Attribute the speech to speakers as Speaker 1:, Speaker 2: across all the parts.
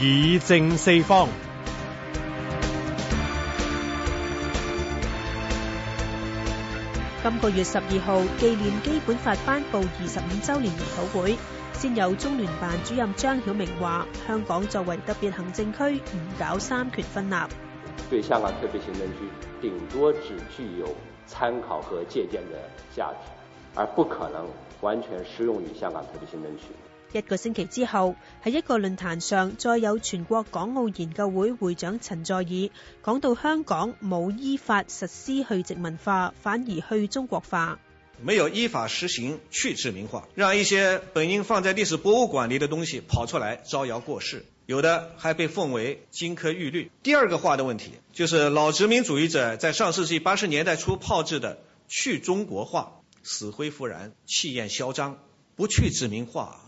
Speaker 1: 議政四方。今個月十二號，紀念基本法頒布二十五周年研討會，先有中聯辦主任張曉明話：香港作為特別行政區，唔搞三權分立。
Speaker 2: 對香港特別行政
Speaker 1: 區，頂多只具有參考和借鑒的價值，而不可能完全適用於香港特別行政區。一個星期之後，喺一個論壇上，再有全國港澳研究會會長陳佐洱講到香港冇依法實施去殖民化，反而去中國化。沒有依法實行去殖民化，讓一些本應放在歷史博物館裏的東西跑出來招搖過市，有的還被奉為金科玉律。第二個話的問題，就是老殖民主義者在上世紀八十年代初炮製的去中國化死灰復燃，氣焰囂張，不去殖民化。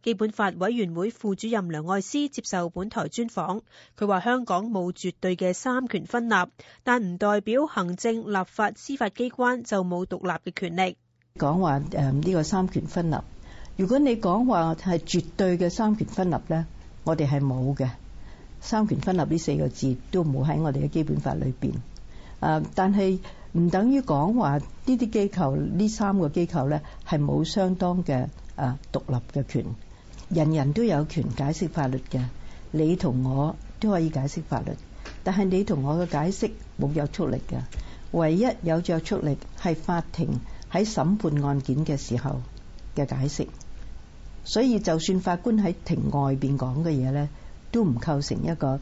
Speaker 1: 基本法委員會副主任梁愛詩接受本台專訪，佢話：香港冇絕對嘅三權分立，但唔代表行政、立法、司法機關就冇獨立嘅權力。
Speaker 2: 講話，誒，呢個三權分立，如果你講話係絕對嘅三權分立呢，我哋係冇嘅。三權分立呢四個字都冇喺我哋嘅基本法裏邊。誒，但係唔等於講話呢啲機構呢，三個機構呢，係冇相當嘅誒獨立嘅權。人人都有權解釋法律嘅，你同我都可以解釋法律，但係你同我嘅解釋冇約束力嘅，唯一有約束力係法庭喺審判案件嘅時候嘅解釋。所以就算法官喺庭外面講嘅嘢呢，都唔構成一個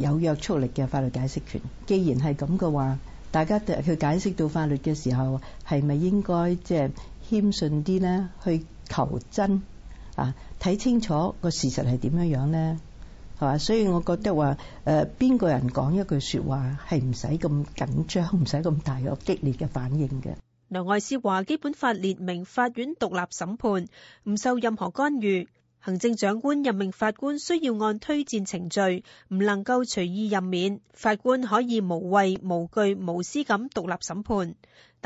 Speaker 2: 有約束力嘅法律解釋權。既然係咁嘅話，大家佢解釋到法律嘅時候，係咪應該即係謙遜啲呢？去求真？啊！睇清楚個事實係點樣樣呢？係嘛？所以我覺得話，誒邊個人講一句說話係唔使咁緊張，唔使咁大有激烈嘅反應嘅。
Speaker 1: 梁愛詩話：基本法列明法院獨立審判，唔受任何干預。行政長官任命法官需要按推薦程序，唔能夠隨意任免。法官可以無畏無懼無私咁獨立審判。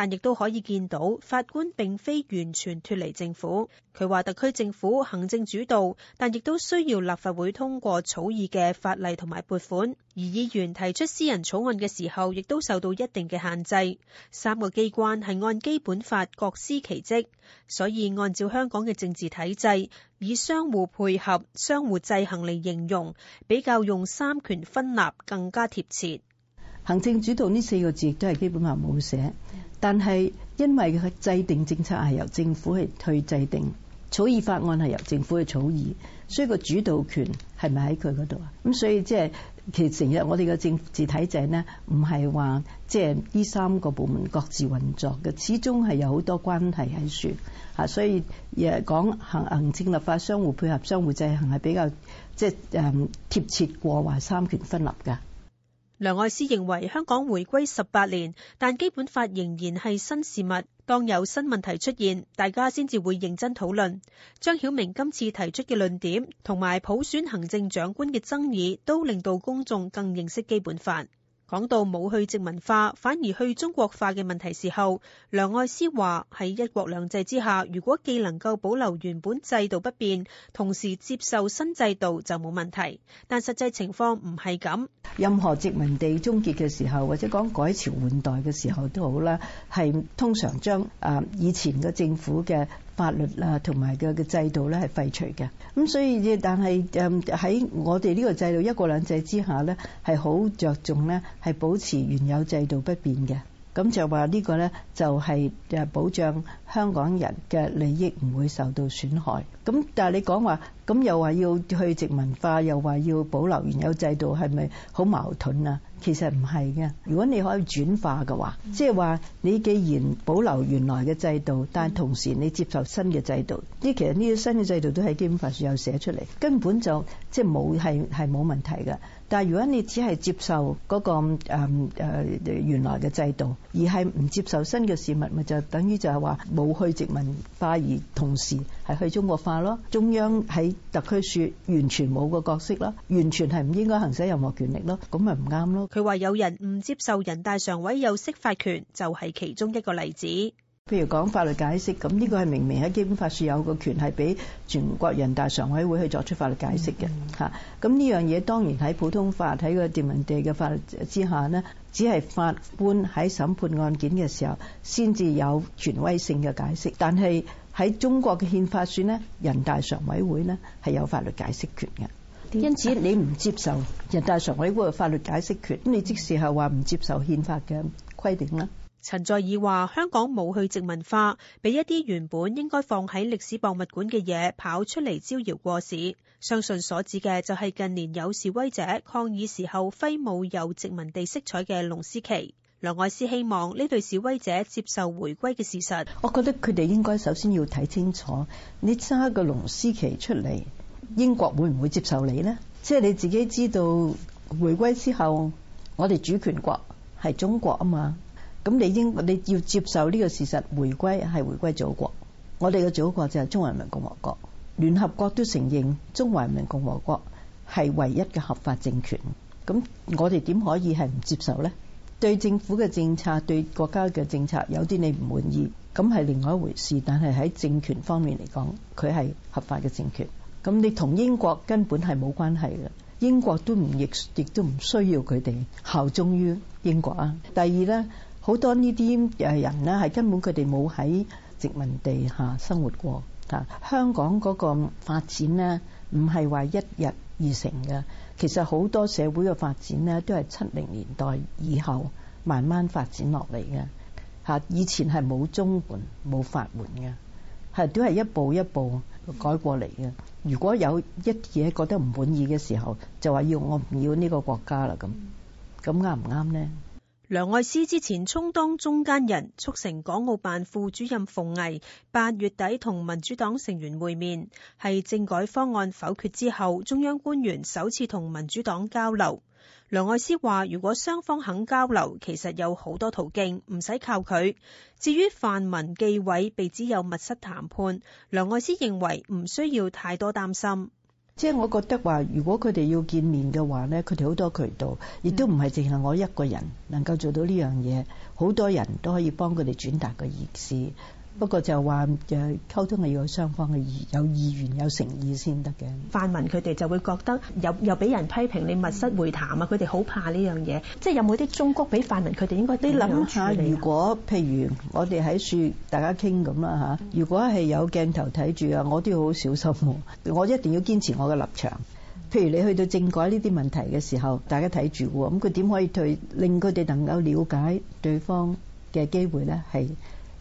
Speaker 1: 但亦都可以見到，法官並非完全脫離政府。佢話特區政府行政主導，但亦都需要立法會通過草擬嘅法例同埋撥款。而議員提出私人草案嘅時候，亦都受到一定嘅限制。三個機關係按基本法各司其職，所以按照香港嘅政治體制，以相互配合、相互制衡嚟形容，比較用三權分立更加貼切。行政主導
Speaker 2: 呢四個字都係基本法冇寫。但係因為佢制定政策係由政府去去制定，草擬法案係由政府去草擬，所以個主導權係咪喺佢嗰度啊？咁所以即係其實成日我哋嘅政治體制咧，唔係話即係呢三個部門各自運作嘅，始終係有好多關係喺處嚇，所以誒講行行政立法相互配合、相互制衡係比較即係誒貼切過話三權分立㗎。
Speaker 1: 梁愛詩認為香港回歸十八年，但基本法仍然係新事物。當有新問題出現，大家先至會認真討論。張曉明今次提出嘅論點同埋普選行政長官嘅爭議，都令到公眾更認識基本法。講到冇去殖民化，反而去中國化嘅問題時候，梁愛詩話：喺一國兩制之下，如果既能夠保留原本制度不變，同時接受新制度就冇問題。但實際情況唔係咁。
Speaker 2: 任何殖民地終結嘅時候，或者講改朝換代嘅時候都好啦，係通常將誒以前嘅政府嘅。法律啊，同埋佢嘅制度咧，係廢除嘅。咁所以，但係誒喺我哋呢個制度一國兩制之下咧，係好着重咧，係保持原有制度不變嘅。咁就話呢個咧，就係誒保障香港人嘅利益唔會受到損害。咁但係你講話。咁又話要去殖民化，又話要保留原有制度，係咪好矛盾啊？其實唔係嘅。如果你可以轉化嘅話，即係話你既然保留原來嘅制度，但同時你接受新嘅制度，呢其實呢啲新嘅制度都係基本法上有寫出嚟，根本就即係冇係冇問題嘅。但如果你只係接受嗰、那個、呃呃、原來嘅制度，而係唔接受新嘅事物，咪就等於就係話冇去殖民化，而同時。係去中國化咯，中央喺特區說完全冇個角色咯，完全係唔應該行使任何權力咯，咁咪唔啱咯。佢
Speaker 1: 話有人唔接受人大
Speaker 2: 常委有釋法權，就係、是、其中一個例子。譬如講法律解釋，咁、這、呢個係明明喺基本法樹有個權係俾全國人大常委會去作出法律解釋嘅，嚇、嗯。咁呢樣嘢當然喺普通法睇個殖民地嘅法律之下呢，只係法官喺審判案件嘅時候先至有權威性嘅解釋，但係。喺中國嘅憲法上呢，人大常委會呢係有法律解釋權嘅，因此你唔接受人大常委會嘅法律解釋權，你即時係話唔接受憲法嘅規定啦。
Speaker 1: 陳佐洱話：香港冇去殖民化，俾一啲原本應該放喺歷史博物館嘅嘢跑出嚟招搖過市，相信所指嘅就係近年有示威者抗議時候揮舞有殖民地色彩嘅龍獅旗。梁愛詩希望呢對示威者接受回歸嘅事實。
Speaker 2: 我覺得佢哋應該首先要睇
Speaker 1: 清楚，你揸個龍獅旗出嚟，英國會唔會接受你呢？
Speaker 2: 即係你自己知道，回歸之後我哋主權國係中國啊嘛。咁你應你要接受呢個事實，回歸係回歸祖國。我哋嘅祖國就係中華人民共和國，聯合國都承認中華人民共和國係唯一嘅合法政權。咁我哋點可以係唔接受呢？對政府嘅政策，對國家嘅政策，有啲你唔滿意，咁係另外一回事。但係喺政權方面嚟講，佢係合法嘅政權。咁你同英國根本係冇關係嘅，英國都唔亦亦都唔需要佢哋效忠於英國啊。第二呢，好多呢啲誒人呢係根本佢哋冇喺殖民地下生活過啊。香港嗰個發展呢，唔係話一日而成嘅，其實好多社會嘅發展呢，都係七零年代以後慢慢發展落嚟嘅。嚇，以前係冇中門冇法門嘅，係都係一步一步改過嚟嘅。如果有一啲嘢覺得唔滿意嘅時候，就話要我唔要呢個國家啦咁，咁啱唔啱呢？
Speaker 1: 梁愛詩之前充當中間人，促成港澳辦副主任馮毅八月底同民主黨成員會面，係政改方案否決之後，中央官員首次同民主黨交流。梁愛詩話：如果雙方肯交流，其實有好多途徑，唔使靠佢。至於泛民紀委被指有密室談判，梁愛詩認為唔需要太多擔心。即係我覺得話，如果
Speaker 2: 佢哋要見面嘅話咧，佢哋好多渠道，亦都唔係淨係我一個人能夠做到呢樣嘢，好多人都可以幫佢哋轉達個意思。不過就話誒溝通係要有雙方嘅意有意願有誠意先得嘅。泛民
Speaker 1: 佢哋就會覺得又又俾人批評你密室會談啊！佢哋好怕呢樣嘢，即係有冇啲忠告俾泛民佢哋應該，應該？都諗下，如
Speaker 2: 果譬如我哋喺度大家傾咁啦吓，如果係有鏡頭睇住啊，我都要好，好小心喎。我一定要堅持我嘅立場。譬如你去到政改呢啲問題嘅時候，大家睇住喎，咁佢點可以對令佢哋能夠了解對方嘅機會咧？係。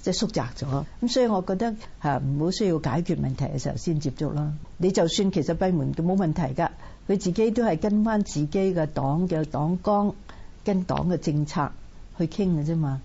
Speaker 2: 即係縮窄咗，咁所以我覺得嚇唔好需要解決問題嘅時候先接觸啦。你就算其實閉門都冇問題㗎，佢自己都係跟翻自己嘅黨嘅黨綱跟黨嘅政策去傾嘅啫嘛，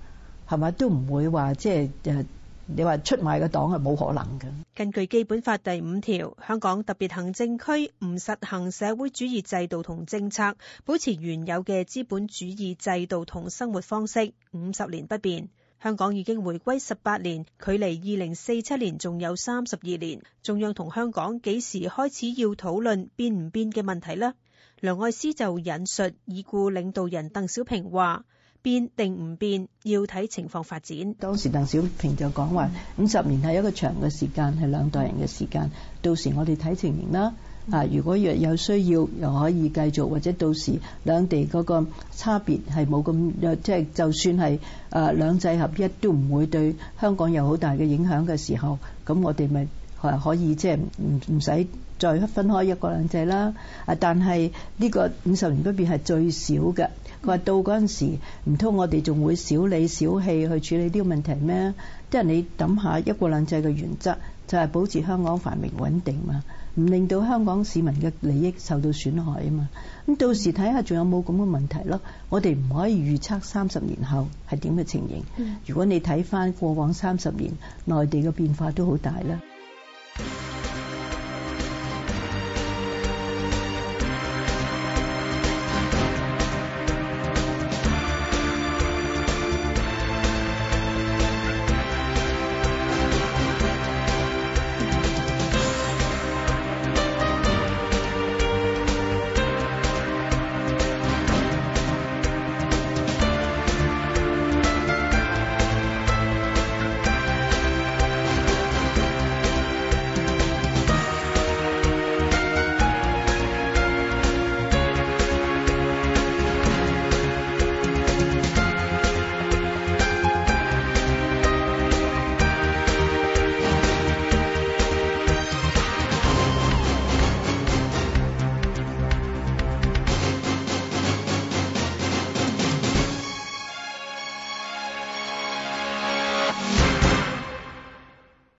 Speaker 2: 係咪？都唔會話即係你話出賣個黨係冇可
Speaker 1: 能嘅。根據基本法第五條，香港特別行政區唔實行社會主義制度同政策，保持原有嘅資本主義制度同生活方式五十年不變。香港已經回歸十八年，距離二零四七年仲有三十二年。中央同香港幾時開始要討論變唔變嘅問題呢？梁愛詩就引述已故領導人鄧小平話：變定唔變，要睇情況發展。當
Speaker 2: 時鄧小平就講話：五十年係一個長嘅時間，係兩代人嘅時間，到時我哋睇情形啦。啊！如果若有需要，又可以繼續，或者到時兩地嗰個差別係冇咁，又即係就算係誒兩制合一都唔會對香港有好大嘅影響嘅時候，咁我哋咪啊可以即係唔唔使。就是不用再分開一國兩制啦，啊！但係呢個五十年嗰邊係最少嘅。佢話到嗰陣時，唔通我哋仲會小理小氣去處理呢個問題咩？即係你諗下一國兩制嘅原則，就係保持香港繁榮穩定嘛，唔令到香港市民嘅利益受到損害啊嘛。咁到時睇下仲有冇咁嘅問題咯。我哋唔可以預測三十年後係點嘅情形。如果你睇翻過往三十年內地嘅變化都好大啦。